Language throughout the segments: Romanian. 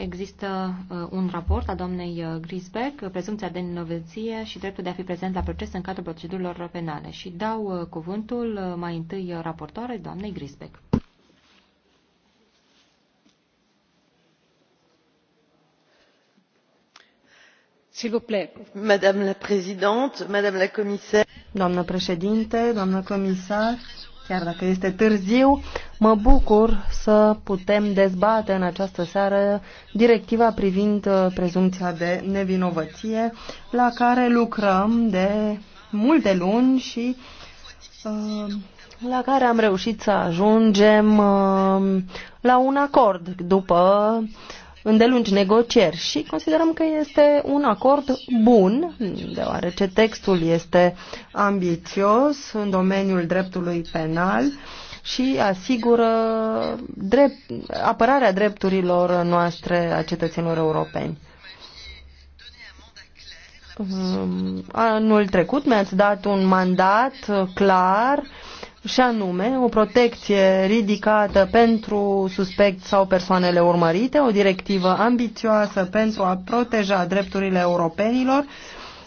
Există uh, un raport a doamnei uh, Grisbeck, prezumția de inovăție și dreptul de a fi prezent la proces în cadrul procedurilor penale. Și dau uh, cuvântul mai întâi raportoare doamnei Grisbeck. doamnă președinte doamnă comisar Chiar dacă este târziu, mă bucur să putem dezbate în această seară directiva privind uh, prezumția de nevinovăție, la care lucrăm de multe luni și uh, la care am reușit să ajungem uh, la un acord după uh, îndelungi negocieri și considerăm că este un acord bun, deoarece textul este ambițios în domeniul dreptului penal și asigură drept, apărarea drepturilor noastre a cetățenilor europeni. Anul trecut mi-ați dat un mandat clar uh, și anume o protecție ridicată pentru suspect sau persoanele urmărite, o directivă ambițioasă pentru a proteja drepturile europenilor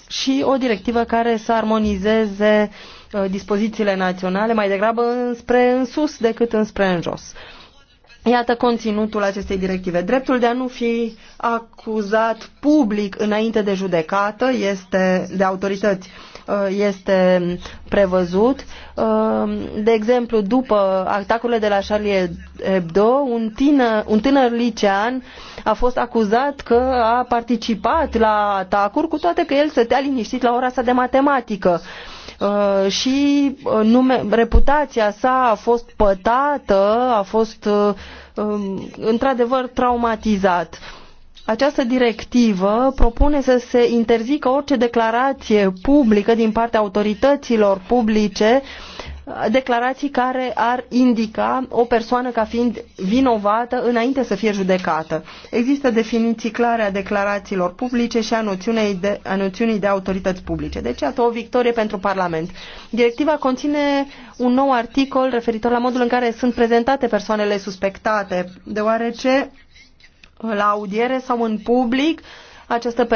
și o directivă care să armonizeze uh, dispozițiile naționale mai degrabă înspre în sus decât înspre în jos. Iată conținutul acestei directive. Dreptul de a nu fi acuzat public înainte de judecată este de autorități Uh, este prevăzut. Uh, de exemplu, după atacurile de la Charlie Hebdo, un tânăr, un tânăr licean a fost acuzat că a participat la atacuri, cu toate că el stătea liniștit la ora sa de matematică uh, și nume, reputația sa a fost pătată, a fost um, într-adevăr traumatizat această directivă propune să se interzică orice declarație publică din partea autorităților publice, declarații care ar indica o persoană ca fiind vinovată înainte să fie judecată. Există definiții clare a declarațiilor publice și a noțiunii de, a noțiunii de autorități publice. Deci, iată o victorie pentru Parlament. Directiva conține un nou articol referitor la modul în care sunt prezentate persoanele suspectate, deoarece la audiere sau în public, această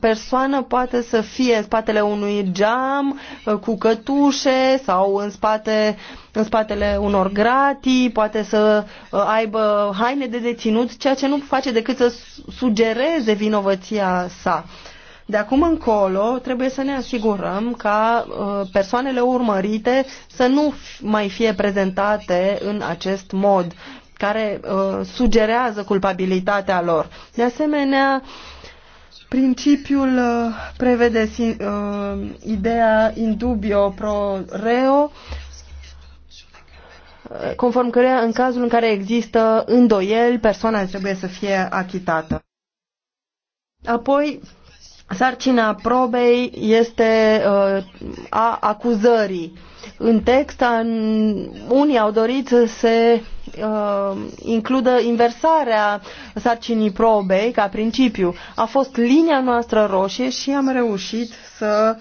persoană poate să fie în spatele unui geam uh, cu cătușe sau în, spate, în spatele unor gratii, poate să uh, aibă haine de deținut, ceea ce nu face decât să sugereze vinovăția sa. De acum încolo trebuie să ne asigurăm ca uh, persoanele urmărite să nu mai fie prezentate în acest mod care uh, sugerează culpabilitatea lor. De asemenea, principiul uh, prevede uh, ideea indubio pro reo, uh, conform căreia în cazul în care există îndoieli, persoana trebuie să fie achitată. Apoi, sarcina probei este uh, a acuzării. În text, an, unii au dorit să se uh, includă inversarea sarcinii probei ca principiu. A fost linia noastră roșie și am reușit să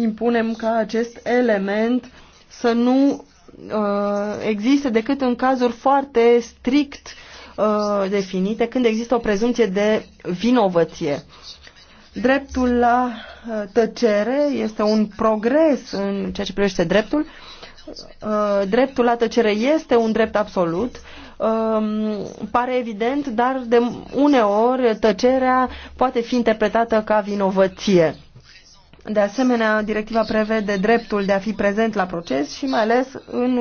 impunem ca acest element să nu uh, existe decât în cazuri foarte strict uh, definite, când există o prezumție de vinovăție. Dreptul la uh, tăcere este un progres în ceea ce privește dreptul, Uh, dreptul la tăcere este un drept absolut. Um, pare evident, dar de uneori tăcerea poate fi interpretată ca vinovăție. De asemenea, directiva prevede dreptul de a fi prezent la proces și mai ales, în,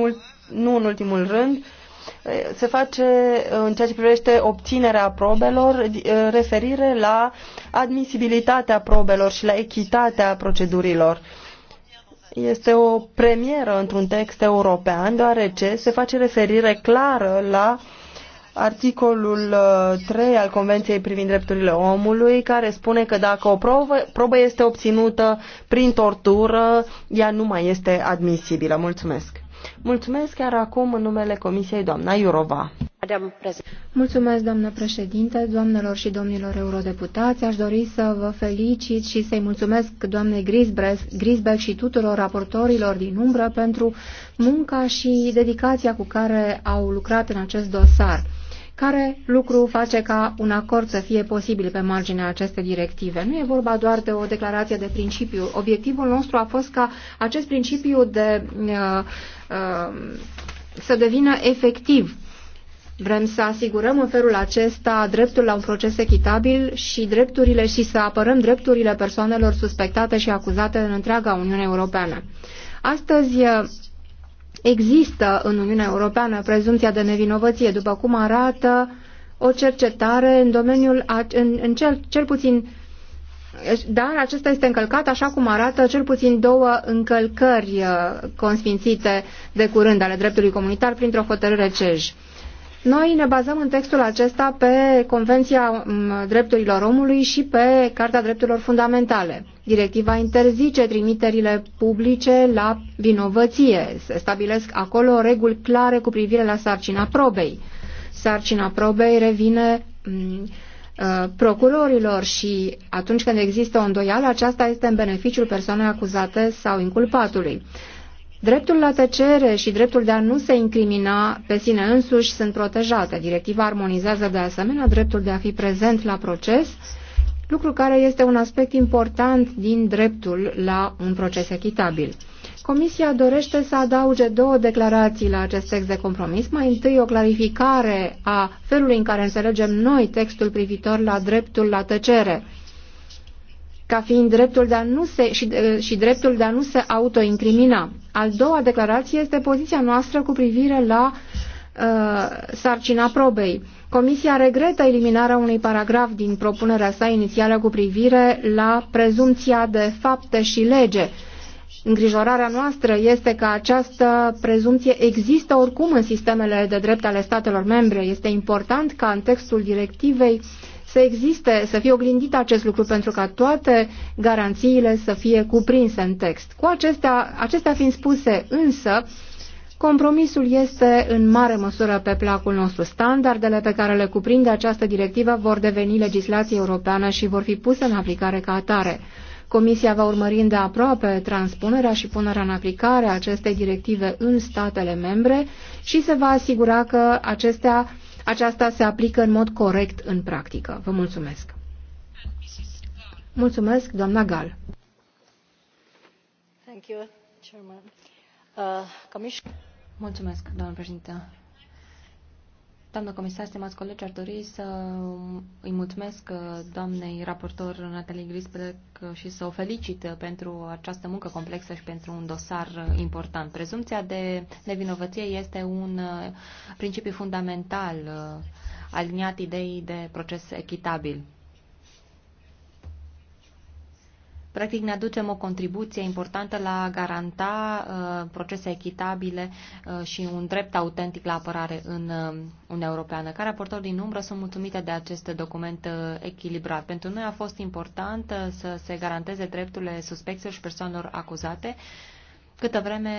nu în ultimul rând, uh, se face uh, în ceea ce privește obținerea probelor referire la admisibilitatea probelor și la echitatea procedurilor este o premieră într-un text european, deoarece se face referire clară la articolul 3 uh, al Convenției privind drepturile omului, care spune că dacă o probă, probă este obținută prin tortură, ea nu mai este admisibilă. Mulțumesc! Mulțumesc chiar acum în numele Comisiei doamna Iurova. Mulțumesc, doamnă președinte, doamnelor și domnilor eurodeputați. Aș dori să vă felicit și să-i mulțumesc doamnei Grisberg și tuturor raportorilor din umbră pentru munca și dedicația cu care au lucrat în acest dosar care lucru face ca un acord să fie posibil pe marginea acestei directive. Nu e vorba doar de o declarație de principiu. Obiectivul nostru a fost ca acest principiu de, uh, uh, să devină efectiv Vrem să asigurăm în felul acesta dreptul la un proces echitabil și drepturile și să apărăm drepturile persoanelor suspectate și acuzate în întreaga Uniune Europeană. Astăzi Există în Uniunea Europeană prezumția de nevinovăție, după cum arată o cercetare în domeniul, în, în cel, cel puțin, dar acesta este încălcat, așa cum arată cel puțin două încălcări uh, consfințite de curând ale dreptului comunitar printr-o hotărâre CEJ. Noi ne bazăm în textul acesta pe Convenția um, Drepturilor Omului și pe Carta Drepturilor Fundamentale. Directiva interzice trimiterile publice la vinovăție. Se stabilesc acolo reguli clare cu privire la sarcina probei. Sarcina probei revine um, uh, procurorilor și atunci când există o îndoială, aceasta este în beneficiul persoanei acuzate sau inculpatului. Dreptul la tăcere și dreptul de a nu se incrimina pe sine însuși sunt protejate. Directiva armonizează de asemenea dreptul de a fi prezent la proces, lucru care este un aspect important din dreptul la un proces echitabil. Comisia dorește să adauge două declarații la acest text de compromis. Mai întâi o clarificare a felului în care înțelegem noi textul privitor la dreptul la tăcere ca fiind dreptul de a nu se, și, și dreptul de a nu se autoincrimina. Al doua declarație este poziția noastră cu privire la uh, sarcina probei. Comisia regretă eliminarea unui paragraf din propunerea sa inițială cu privire la prezumția de fapte și lege. Îngrijorarea noastră este că această prezumție există oricum în sistemele de drept ale statelor membre. Este important ca în textul directivei uh, să existe, să fie oglindit acest lucru pentru ca toate garanțiile să fie cuprinse în text. Cu acestea, acestea fiind spuse însă, Compromisul este în mare măsură pe placul nostru. Standardele pe care le cuprinde această directivă vor deveni legislație europeană și vor fi puse în aplicare ca atare. Comisia va urmări de aproape transpunerea și punerea în aplicare a acestei directive în statele membre și se va asigura că acestea aceasta se aplică în mod corect în practică. Vă mulțumesc. Mulțumesc, doamna Gal. Uh, mulțumesc, doamnă președintă. Doamnă comisar, stimați colegi, ar dori să îi mulțumesc uh, doamnei raportor Natalie Grisberg uh, și să o felicit uh, pentru această muncă complexă și pentru un dosar important. Prezumția de nevinovăție este un principiu fundamental aliniat ideii de proces echitabil. Practic ne aducem o contribuție importantă la a garanta uh, procese echitabile uh, și un drept autentic la apărare în uh, Uniunea Europeană. Ca raportor din umbră sunt mulțumită de acest document uh, echilibrat. Pentru noi a fost important uh, să se garanteze drepturile suspecților și persoanelor acuzate câtă vreme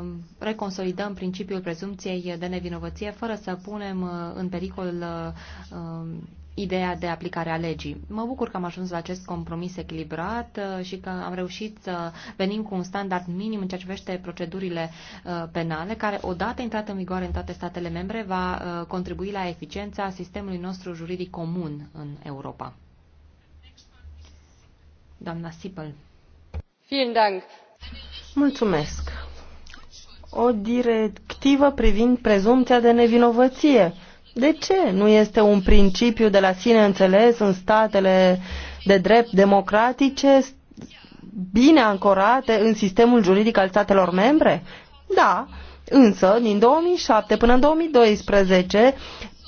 uh, reconsolidăm principiul prezumției de nevinovăție fără să punem uh, în pericol uh, uh ideea de aplicare a legii. Mă bucur că am ajuns la acest compromis echilibrat uh, și că am reușit să venim cu un standard minim în ceea ce privește procedurile uh, penale, care odată intrat în vigoare în toate statele membre va uh, contribui la eficiența sistemului nostru juridic comun în Europa. Doamna Sipel. Mulțumesc. O directivă privind prezumția de nevinovăție de ce nu este un principiu de la sine înțeles în statele de drept democratice bine ancorate în sistemul juridic al statelor membre? Da, însă din 2007 până în 2012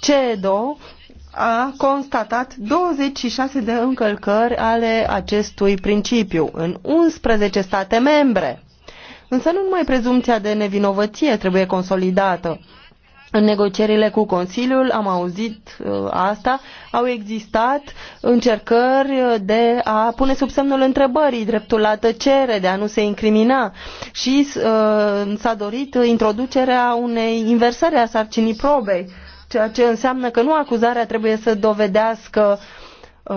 CEDO a constatat 26 de încălcări ale acestui principiu în 11 state membre. Însă nu numai prezumția de nevinovăție trebuie consolidată în negocierile cu Consiliul, am auzit uh, asta, au existat încercări de a pune sub semnul întrebării dreptul la tăcere, de a nu se incrimina și uh, s-a dorit introducerea unei inversări a sarcinii probei, ceea ce înseamnă că nu acuzarea trebuie să dovedească uh,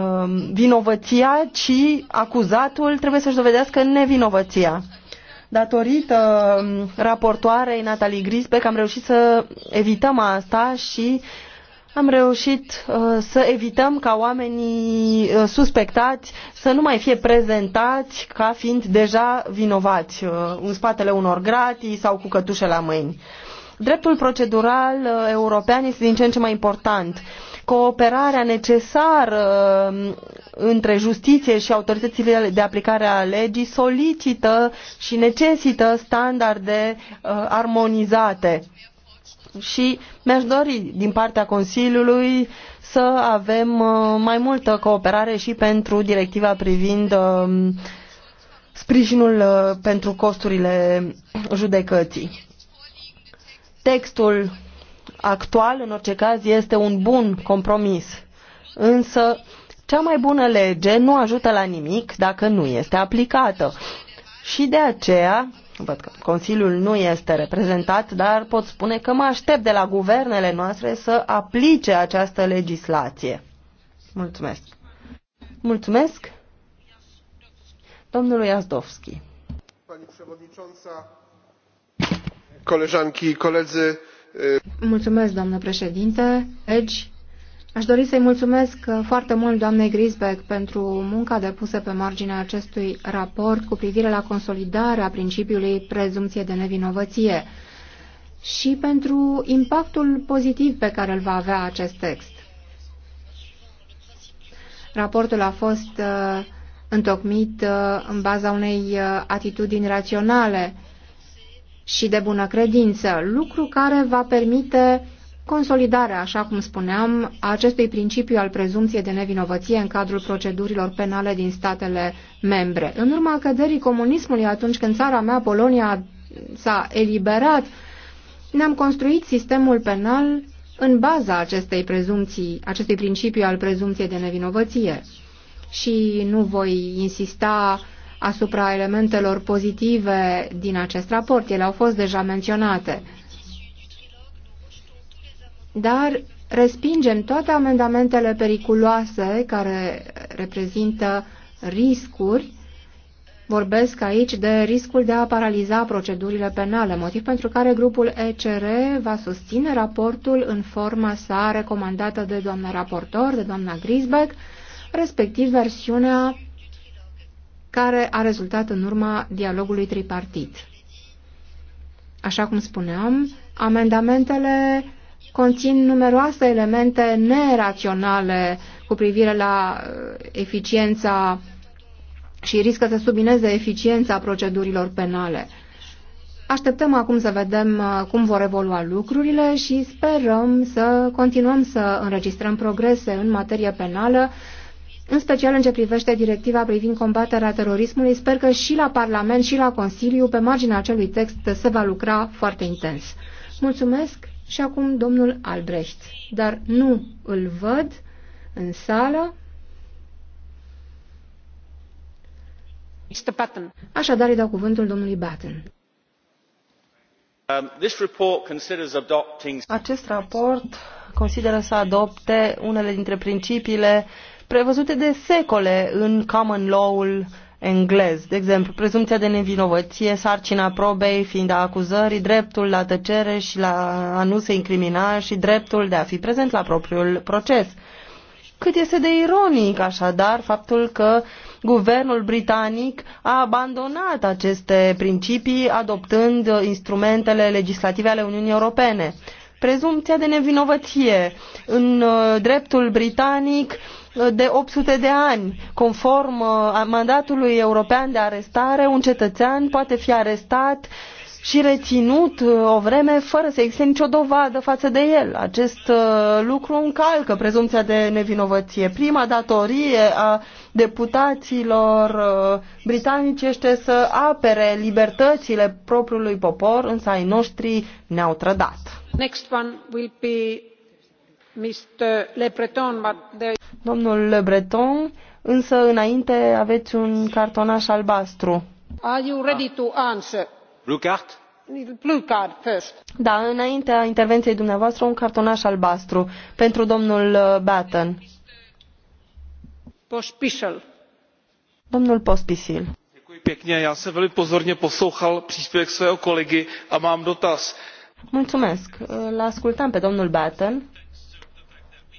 vinovăția, ci acuzatul trebuie să-și dovedească nevinovăția. Datorită um, raportoarei Natalie Grisbeck am reușit să evităm asta și am reușit uh, să evităm ca oamenii uh, suspectați să nu mai fie prezentați ca fiind deja vinovați uh, în spatele unor gratii sau cu cătușe la mâini. Dreptul procedural uh, european este din ce în ce mai important. Cooperarea necesară um, între justiție și autoritățile de aplicare a legii solicită și necesită standarde uh, armonizate. Și mi-aș dori din partea Consiliului să avem uh, mai multă cooperare și pentru directiva privind uh, sprijinul uh, pentru costurile judecății. Textul actual, în orice caz, este un bun compromis. Însă, cea mai bună lege nu ajută la nimic dacă nu este aplicată. Și de aceea, văd că Consiliul nu este reprezentat, dar pot spune că mă aștept de la guvernele noastre să aplice această legislație. Mulțumesc. Mulțumesc domnului Azdowski. Pani i koledzy. Mulțumesc, doamnă președinte, Edge. Deci, Aș dori să-i mulțumesc uh, foarte mult doamnei Grisbeck pentru munca depusă pe marginea acestui raport cu privire la consolidarea principiului prezumție de nevinovăție și pentru impactul pozitiv pe care îl va avea acest text. Raportul a fost uh, întocmit uh, în baza unei uh, atitudini raționale și de bună credință, lucru care va permite consolidarea, așa cum spuneam, a acestui principiu al prezumției de nevinovăție în cadrul procedurilor penale din statele membre. În urma căderii comunismului, atunci când țara mea, Polonia, s-a eliberat, ne-am construit sistemul penal în baza acestei prezumții, acestui principiu al prezumției de nevinovăție. Și nu voi insista asupra elementelor pozitive din acest raport, ele au fost deja menționate dar respingem toate amendamentele periculoase care reprezintă riscuri. Vorbesc aici de riscul de a paraliza procedurile penale, motiv pentru care grupul ECR va susține raportul în forma sa recomandată de doamna raportor, de doamna Grisbeck, respectiv versiunea care a rezultat în urma dialogului tripartit. Așa cum spuneam, amendamentele conțin numeroase elemente neraționale cu privire la uh, eficiența și riscă să submineze eficiența procedurilor penale. Așteptăm acum să vedem uh, cum vor evolua lucrurile și sperăm să continuăm să înregistrăm progrese în materie penală, în special în ce privește directiva privind combaterea terorismului. Sper că și la Parlament și la Consiliu, pe marginea acelui text, se va lucra foarte intens. Mulțumesc! și acum domnul Albrecht, dar nu îl văd în sală. Mr. Button. Așadar îi dau cuvântul domnului Batten. Um, Acest raport consideră să adopte unele dintre principiile prevăzute de secole în common law-ul uh, englez. De exemplu, prezumția de nevinovăție, sarcina probei fiind a acuzării, dreptul la tăcere și la a nu se incrimina și dreptul de a fi prezent la propriul proces. Cât este de ironic, așadar, faptul că guvernul britanic a abandonat aceste principii adoptând instrumentele legislative ale Uniunii Europene prezumția de nevinovăție în uh, dreptul britanic uh, de 800 de ani. Conform uh, mandatului european de arestare, un cetățean poate fi arestat și reținut o vreme fără să existe nicio dovadă față de el. Acest lucru încalcă prezumția de nevinovăție. Prima datorie a deputaților britanici este să apere libertățile propriului popor, însă ai noștri ne-au trădat. Next one will be Mr. Le Breton, but there... Domnul Le Breton, însă înainte aveți un cartonaș albastru. Da, înaintea intervenției dumneavoastră un cartonaș albastru pentru domnul uh, Batten. Domnul Pospisil. Já jsem velmi pozorně poslouchal příspěvek svého kolegy a mám dotaz Mulțumesc. Îl ascultam pe domnul Batten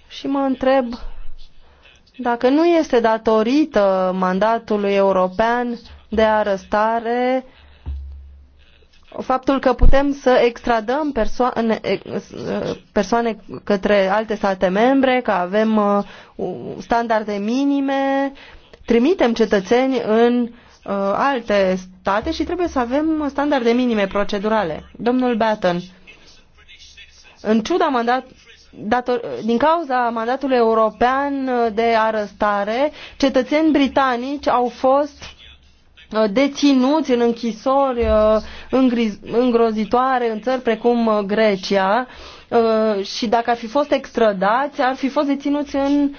și mă întreb dacă nu este datorită mandatului european de arestare faptul că putem să extradăm persoane, persoane către alte state membre, că avem uh, standarde minime, trimitem cetățeni în Uh, alte state și trebuie să avem standarde minime procedurale. Domnul Batten, în ciuda mandat, dator, din cauza mandatului european de arestare, cetățeni britanici au fost uh, deținuți în închisori uh, îngrozitoare în țări precum Grecia și dacă ar fi fost extrădați, ar fi fost deținuți în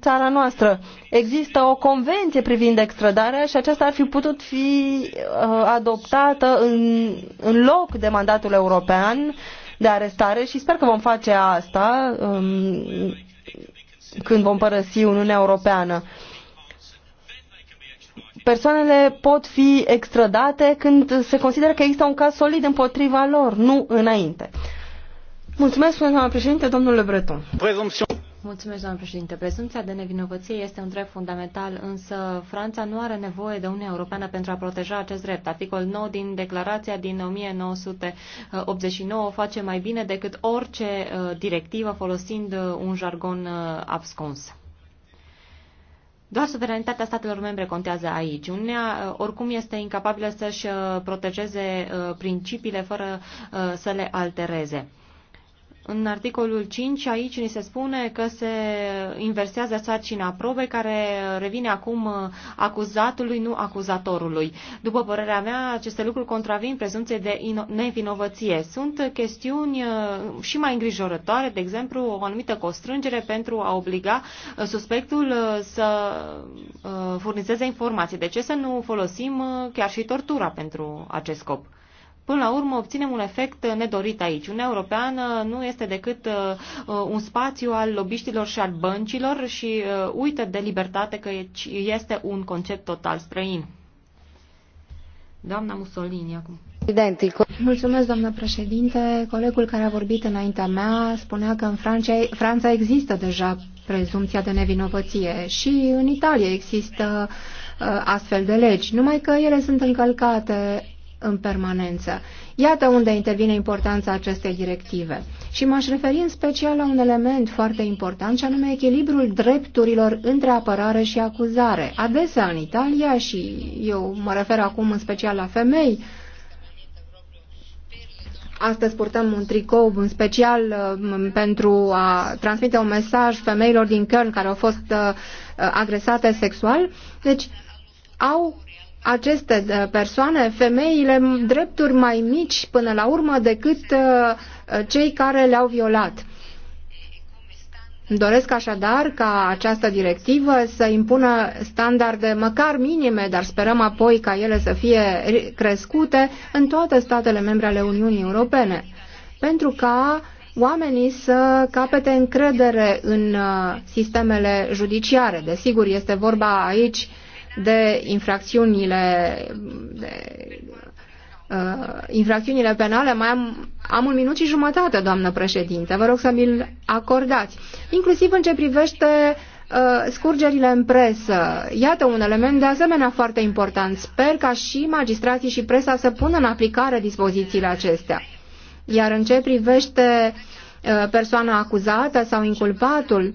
țara noastră. Există o convenție privind extradarea și aceasta ar fi putut fi uh, adoptată în, în loc de mandatul european de arestare și sper că vom face asta um, când vom părăsi Uniunea Europeană. Persoanele pot fi extradate când se consideră că există un caz solid împotriva lor, nu înainte. Mulțumesc, doamna președinte, domnule Breton. Prezumțion... Mulțumesc, doamnă președinte. Prezumția de nevinovăție este un drept fundamental, însă Franța nu are nevoie de Uniunea Europeană pentru a proteja acest drept. Articol 9 din declarația din 1989 face mai bine decât orice uh, directivă folosind uh, un jargon uh, abscons. Doar suveranitatea statelor membre contează aici. Uniunea oricum este incapabilă să-și protejeze principiile fără să le altereze în articolul 5, aici ni se spune că se inversează sarcina probei care revine acum acuzatului, nu acuzatorului. După părerea mea, aceste lucruri contravin prezumției de nevinovăție. Sunt chestiuni uh, și mai îngrijorătoare, de exemplu, o anumită constrângere pentru a obliga uh, suspectul uh, să furnizeze informații. De ce să nu folosim chiar și tortura pentru acest scop? Până la urmă obținem un efect nedorit aici. Uniunea Europeană nu este decât uh, un spațiu al lobiștilor și al băncilor și uh, uită de libertate că este un concept total străin. Doamna Mussolini acum. Identic. Mulțumesc, doamnă președinte. Colegul care a vorbit înaintea mea spunea că în Franța, Franța există deja prezumția de nevinovăție și în Italia există uh, astfel de legi, numai că ele sunt încălcate în permanență. Iată unde intervine importanța acestei directive. Și m-aș referi în special la un element foarte important, și anume echilibrul drepturilor între apărare și acuzare. Adesea în Italia, și eu mă refer acum în special la femei, Astăzi purtăm un tricou în special uh, pentru a transmite un mesaj femeilor din Köln care au fost uh, agresate sexual. Deci au aceste uh, persoane, femeile, drepturi mai mici până la urmă decât uh, cei care le-au violat. doresc așadar ca această directivă să impună standarde măcar minime, dar sperăm apoi ca ele să fie crescute în toate statele membre ale Uniunii Europene, pentru ca oamenii să capete încredere în uh, sistemele judiciare. Desigur, este vorba aici de infracțiunile, de, uh, infracțiunile penale, mai am, am un minut și jumătate, doamnă președinte. Vă rog să mi-l acordați. Inclusiv în ce privește uh, scurgerile în presă. Iată un element de asemenea foarte important. Sper ca și magistrații și presa să pună în aplicare dispozițiile acestea. Iar în ce privește uh, persoana acuzată sau inculpatul,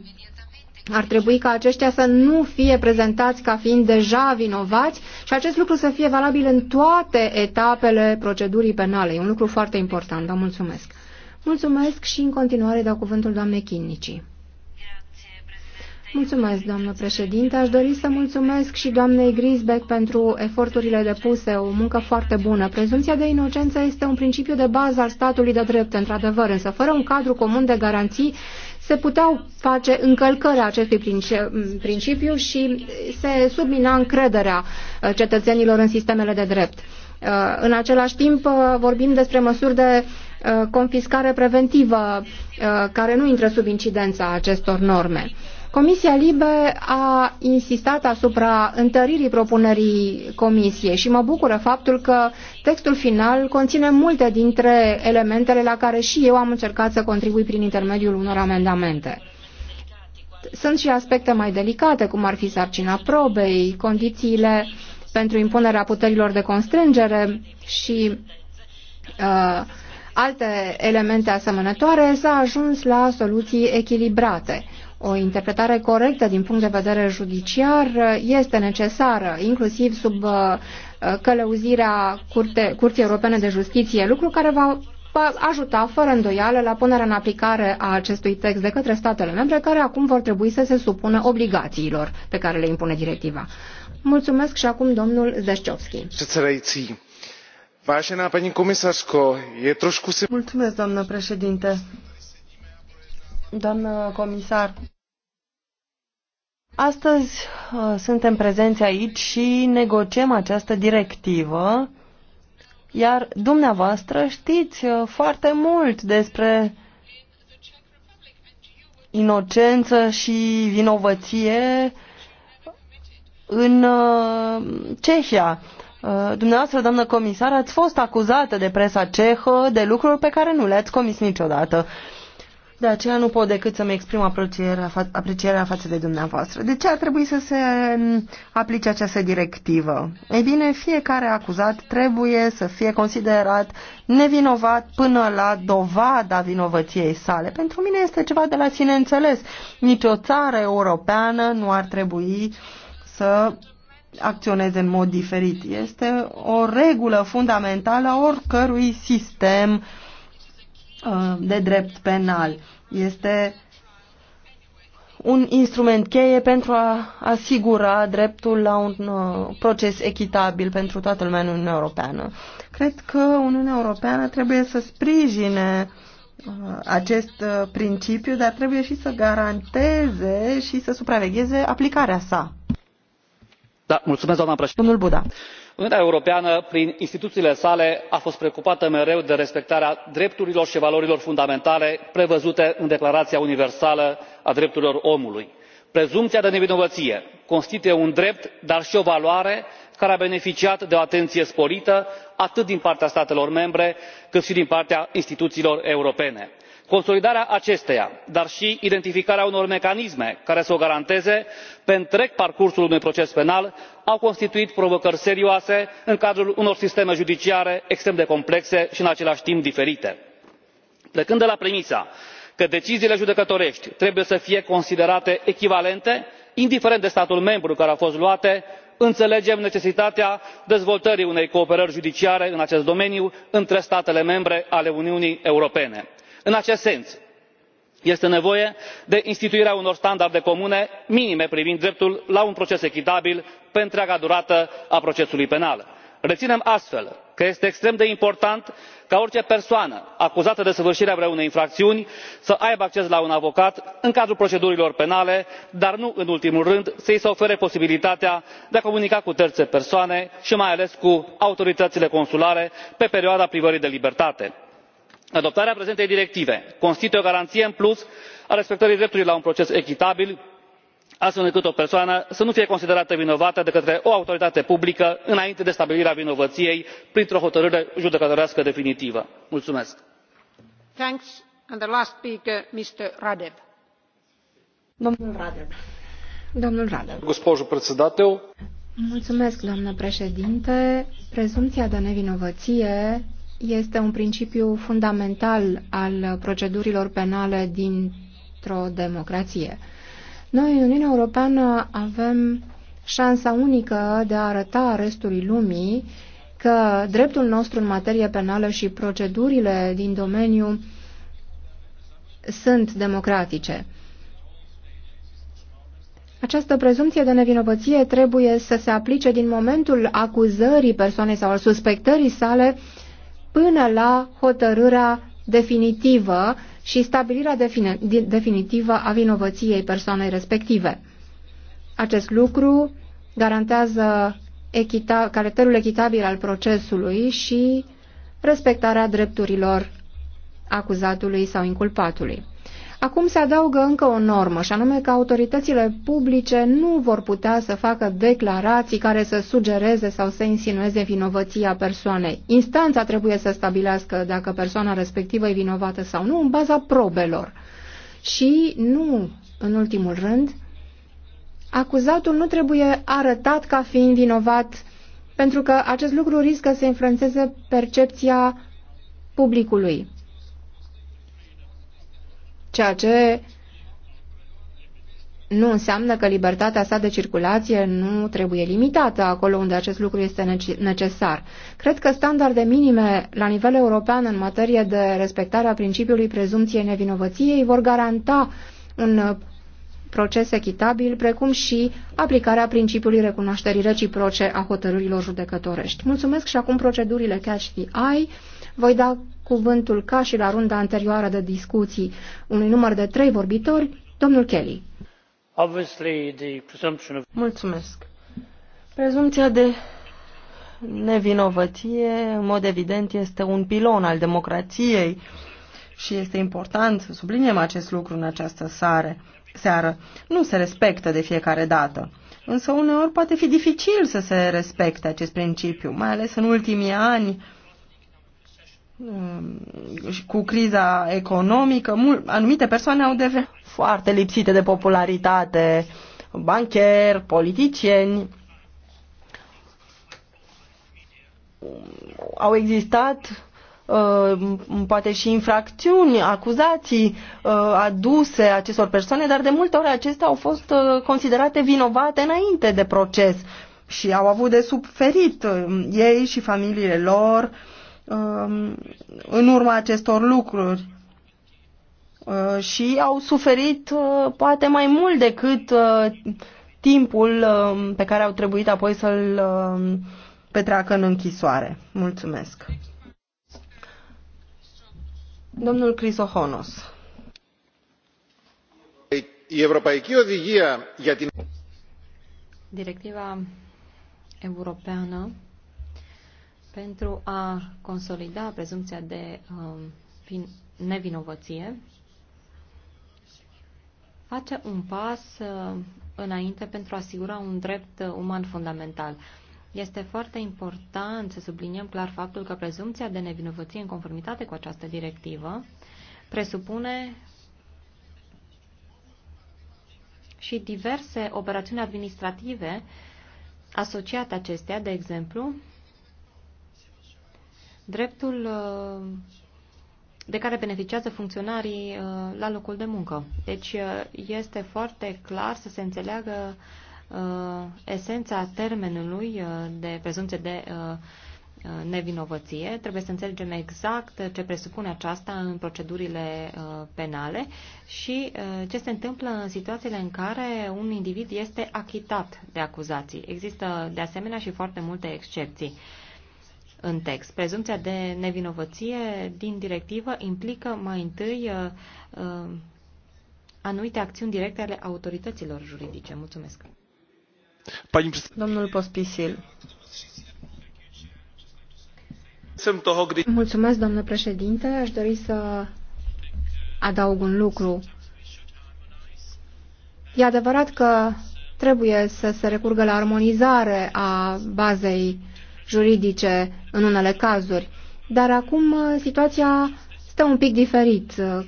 ar trebui ca aceștia să nu fie prezentați ca fiind deja vinovați și acest lucru să fie valabil în toate etapele procedurii penale. E un lucru foarte important. Vă mulțumesc. Mulțumesc și în continuare dau cuvântul doamnei Chinnici. Mulțumesc, doamnă președinte. Aș dori să mulțumesc și doamnei Grisbeck pentru eforturile depuse, o muncă foarte bună. Prezumția de inocență este un principiu de bază al statului de drept, într-adevăr, însă fără un cadru comun de garanții, se puteau face încălcări acestui principiu și se submina încrederea uh, cetățenilor în sistemele de drept. Uh, în același timp uh, vorbim despre măsuri de confiscare preventivă care nu intră sub incidența acestor norme. Comisia Libe a insistat asupra întăririi propunerii comisiei și mă bucură faptul că textul final conține multe dintre elementele la care și eu am încercat să contribui prin intermediul unor amendamente. Sunt și aspecte mai delicate, cum ar fi sarcina probei, condițiile pentru impunerea puterilor de constrângere și uh, alte elemente asemănătoare, s-a ajuns la soluții echilibrate o interpretare corectă din punct de vedere judiciar uh, este necesară, inclusiv sub uh, uh, călăuzirea Curte, Curții Europene de Justiție, lucru care va ajuta fără îndoială la punerea în aplicare a acestui text de către statele membre care acum vor trebui să se supună obligațiilor pe care le impune directiva. Mulțumesc și acum domnul Zdeșciovski. Mulțumesc, doamnă președinte doamnă comisar. Astăzi uh, suntem prezenți aici și negociem această directivă, iar dumneavoastră știți uh, foarte mult despre inocență și vinovăție în uh, Cehia. Dumneavoastră, doamnă comisar, ați fost acuzată de presa cehă de lucruri pe care nu le-ați comis niciodată. De aceea nu pot decât să-mi exprim aprecierea, fa aprecierea față de dumneavoastră. De ce ar trebui să se mm, aplice această directivă? Ei bine, fiecare acuzat trebuie să fie considerat nevinovat până la dovada vinovăției sale. Pentru mine este ceva de la sine înțeles. Nici o țară europeană nu ar trebui să acționeze în mod diferit. Este o regulă fundamentală a oricărui sistem uh, Uh, de drept penal. Este un instrument cheie pentru a asigura dreptul la un uh, proces echitabil pentru toată lumea în Uniunea Europeană. Cred că Uniunea Europeană trebuie să sprijine uh, acest principiu, dar trebuie și să garanteze și să supravegheze aplicarea sa. Da, doamnă președintă uniunea europeană prin instituțiile sale a fost preocupată mereu de respectarea drepturilor și valorilor fundamentale prevăzute în declarația universală a drepturilor omului. prezumția de nevinovăție constituie un drept dar și o valoare care a beneficiat de o atenție sporită atât din partea statelor membre cât și din partea instituțiilor europene consolidarea acesteia dar și identificarea unor mecanisme care să o garanteze pe întreg parcursul unui proces penal au constituit provocări serioase în cadrul unor sisteme judiciare extrem de complexe și în același timp diferite. plecând de la premisa că deciziile judecătorești trebuie să fie considerate echivalente indiferent de statul membru în care au fost luate înțelegem necesitatea dezvoltării unei cooperări judiciare în acest domeniu între statele membre ale uniunii europene în acest sens este nevoie de instituirea unor standarde comune minime privind dreptul la un proces echitabil pe întreaga durată a procesului penal. reținem astfel că este extrem de important ca orice persoană acuzată de săvârșirea vreunei infracțiuni să aibă acces la un avocat în cadrul procedurilor penale dar nu în ultimul rând să i se ofere posibilitatea de a comunica cu terțe persoane și mai ales cu autoritățile consulare pe perioada privării de libertate adoptarea prezentei directive constituie o garanție în plus a respectării dreptului la un proces echitabil astfel încât o persoană să nu fie considerată vinovată de către o autoritate publică înainte de stabilirea vinovăției printr o hotărâre judecătorească definitivă. mulțumesc. doamnă președintă prezumția de nevinovăție este un principiu fundamental al procedurilor penale dintr-o democrație. Noi, în Uniunea Europeană, avem șansa unică de a arăta restului lumii că dreptul nostru în materie penală și procedurile din domeniu sunt democratice. Această prezumție de nevinovăție trebuie să se aplice din momentul acuzării persoanei sau al suspectării sale uh, până la hotărârea definitivă și stabilirea definitivă a vinovăției persoanei respective. Acest lucru garantează echita- caracterul echitabil al procesului și respectarea drepturilor acuzatului sau inculpatului. Acum se adaugă încă o normă, și anume că autoritățile publice nu vor putea să facă declarații care să sugereze sau să insinueze vinovăția persoanei. Instanța trebuie să stabilească dacă persoana respectivă e vinovată sau nu în baza probelor. Și nu, în ultimul rând, acuzatul nu trebuie arătat ca fiind vinovat pentru că acest lucru riscă să influențeze percepția publicului ceea ce nu înseamnă că libertatea sa de circulație nu trebuie limitată acolo unde acest lucru este necesar. Cred că standarde minime la nivel european în materie de respectarea principiului prezumției nevinovăției vor garanta un proces echitabil, precum și aplicarea principiului recunoașterii reciproce a hotărârilor judecătorești. Mulțumesc și acum procedurile Catch the Eye. Voi da cuvântul ca și la runda anterioară de discuții unui număr de trei vorbitori, domnul Kelly. Mulțumesc. Prezumția de nevinovăție, în mod evident, este un pilon al democrației și este important să subliniem acest lucru în această sare, seară. Nu se respectă de fiecare dată, însă uneori poate fi dificil să se respecte acest principiu, mai ales în ultimii ani, Um, cu criza economică, mul- anumite persoane au devenit foarte lipsite de popularitate, bancheri, politicieni. Au existat uh, poate și infracțiuni, acuzații uh, aduse acestor persoane, dar de multe ori acestea au fost uh, considerate vinovate înainte de proces și au avut de suferit ei și familiile lor Um, în urma acestor lucruri uh, și au suferit uh, poate mai mult decât uh, timpul um, pe care au trebuit apoi să-l um, petreacă în închisoare. Mulțumesc. Domnul Crisohonos. Directiva europeană pentru a consolida prezumția de uh, nevinovăție, face un pas uh, înainte pentru a asigura un drept uh, uman fundamental. Este foarte important să subliniem clar faptul că prezumția de nevinovăție în conformitate cu această directivă presupune și diverse operațiuni administrative asociate acestea, de exemplu, dreptul uh, de care beneficiază funcționarii uh, la locul de muncă. Deci uh, este foarte clar să se înțeleagă esența termenului de prezumție de nevinovăție. Trebuie să înțelegem exact ce presupune aceasta în procedurile penale și ce se întâmplă în situațiile în care un individ este achitat de acuzații. Există de asemenea și foarte multe excepții în text. Prezumția de nevinovăție din directivă implică mai întâi uh, uh anumite acțiuni directe ale autorităților juridice. Mulțumesc. Domnul Pospisil. Mulțumesc, domnule președinte. Aș dori să adaug un lucru. E adevărat că trebuie să se recurgă la armonizare a bazei juridice în unele cazuri. Dar acum uh, situația stă un pic diferit. Uh,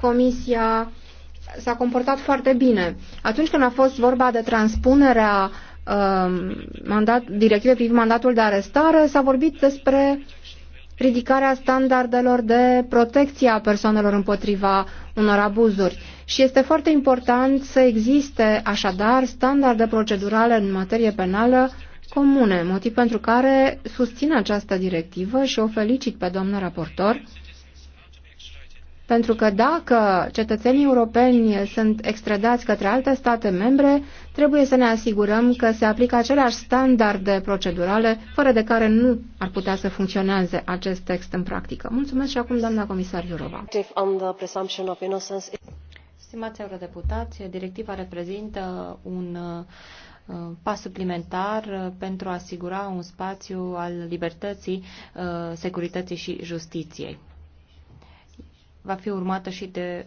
comisia s-a comportat foarte bine. Atunci când a fost vorba de transpunerea uh, mandat, directivei privind mandatul de arestare, s-a vorbit despre ridicarea standardelor de protecție a persoanelor împotriva unor abuzuri. Și este foarte important să existe așadar standarde procedurale în materie penală uh, comune, motiv pentru care susțin această directivă și o felicit pe doamna raportor, pentru că dacă cetățenii europeni sunt extradați către alte state membre, trebuie să ne asigurăm că se aplică aceleași standarde procedurale, fără de care nu ar putea să funcționeze acest text în practică. Mulțumesc și acum, doamna comisar Iurova. Stimați eurodeputați, directiva reprezintă un uh, Uh, pas suplimentar uh, pentru a asigura un spațiu al libertății, uh, securității și justiției. Va fi urmată și de.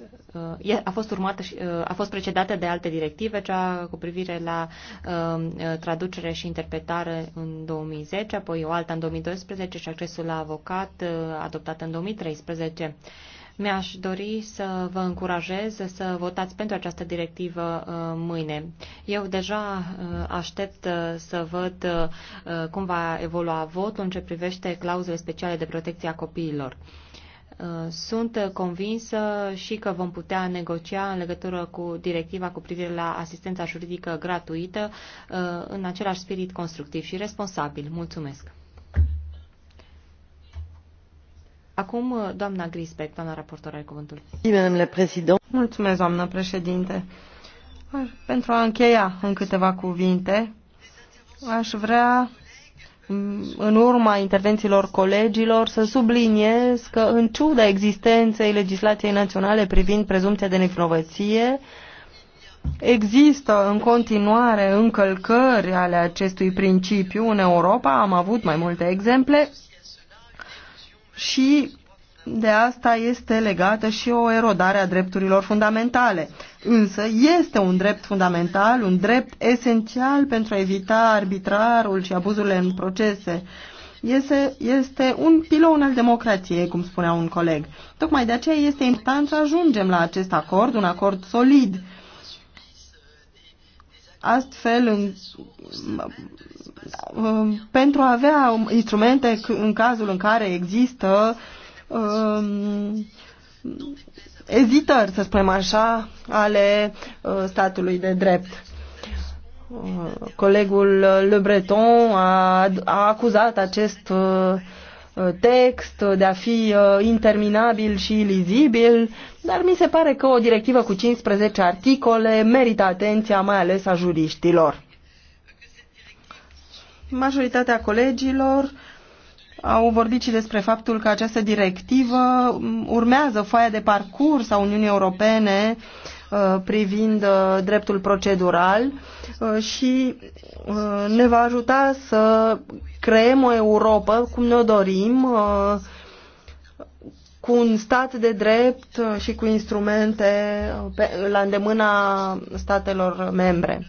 A fost, urmată și, a fost precedată de alte directive, cea cu privire la traducere și interpretare în 2010, apoi o alta în 2012 și accesul la avocat adoptat în 2013. Mi-aș dori să vă încurajez să votați pentru această directivă uh, mâine. Eu deja uh, aștept uh, să văd cum va evolua votul în ce privește clauzele speciale de protecție a copiilor. Sunt convinsă și că vom putea negocia în legătură cu directiva cu privire la asistența juridică gratuită în același spirit constructiv și responsabil. Mulțumesc! Acum, uh, doamna Grisbeck, doamna raportor, are cuvântul. Mulțumesc, doamnă președinte. Pentru a încheia în câteva cuvinte, aș vrea, mm, în urma intervențiilor colegilor, să subliniez că, în ciuda existenței legislației naționale privind prezumția de nevinovăție, Există în continuare încălcări ale acestui principiu în Europa, am avut mai multe exemple și de asta este legată și o erodare a drepturilor fundamentale. Însă este un drept fundamental, un drept esențial pentru a evita arbitrarul și abuzurile în procese. Este, este un pilon al democrației, cum spunea un coleg. Tocmai de aceea este important să ajungem la acest acord, un acord solid, astfel în, um, pentru a avea instrumente în cazul în care există um, ezitări, să spunem așa, ale uh, statului de drept. Uh, colegul Le Breton a, a acuzat acest uh, Uh, text, uh, de a fi uh, interminabil și lizibil, dar mi se pare că o directivă cu 15 articole merită atenția mai ales a juriștilor. Majoritatea colegilor au vorbit și despre faptul că această directivă mm, urmează foaia de parcurs a Uniunii Europene uh, Uh, privind uh, dreptul procedural uh, și ne va ajuta să creăm o Europa cum ne-o dorim, cu un stat de drept și cu instrumente pe, la îndemâna statelor membre.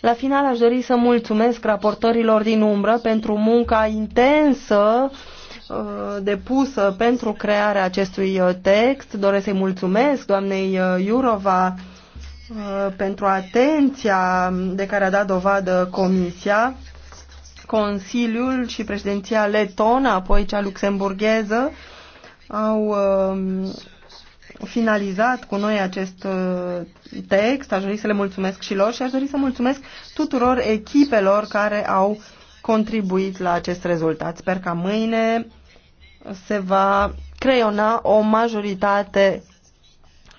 La final aș dori să mulțumesc raportorilor din umbră pentru munca intensă Uh, depusă pentru crearea acestui uh, text. Doresc să-i mulțumesc doamnei uh, Iurova pentru atenția de care a dat dovadă Comisia, Consiliul și președinția letonă, apoi cea luxemburgheză, au um, finalizat cu noi acest text. Aș dori să le mulțumesc și lor și aș dori să mulțumesc tuturor echipelor care au contribuit la acest rezultat. Sper că mâine se va creiona o majoritate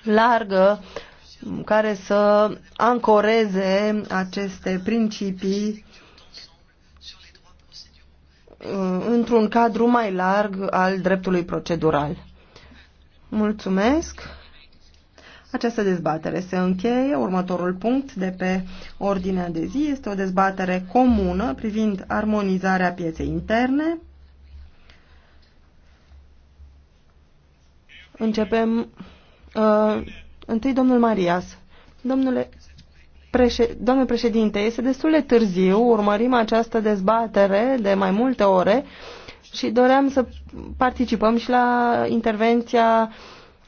largă care să ancoreze aceste principii uh, într-un cadru mai larg al dreptului procedural. Mulțumesc! Această dezbatere se încheie. Următorul punct de pe ordinea de zi este o dezbatere comună privind armonizarea pieței interne. Începem uh, întâi domnul Marias. Domnule, președ, domnule președinte, este destul de târziu, urmărim această dezbatere de mai multe ore și doream să participăm și la intervenția uh,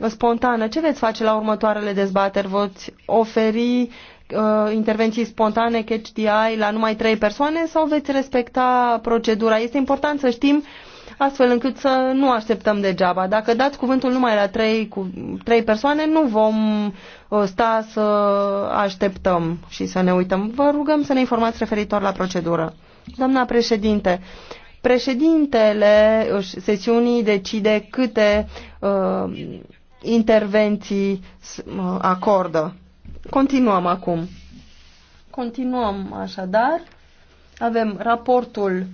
spontană. Ce veți face la următoarele dezbateri? Voți oferi uh, intervenții spontane, catch the eye, la numai trei persoane sau veți respecta procedura? Este important să știm astfel încât să nu așteptăm degeaba. Dacă dați cuvântul numai la trei, cu, trei persoane, nu vom uh, sta să așteptăm și să ne uităm. Vă rugăm să ne informați referitor la procedură. Doamna președinte, președintele uh, sesiunii decide câte uh, intervenții acordă. Continuăm acum. Continuăm așadar. Avem raportul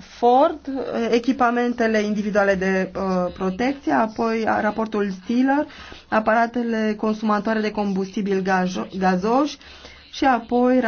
Ford, echipamentele individuale de uh, protecție, apoi raportul Stiller, aparatele consumatoare de combustibil gazoși și apoi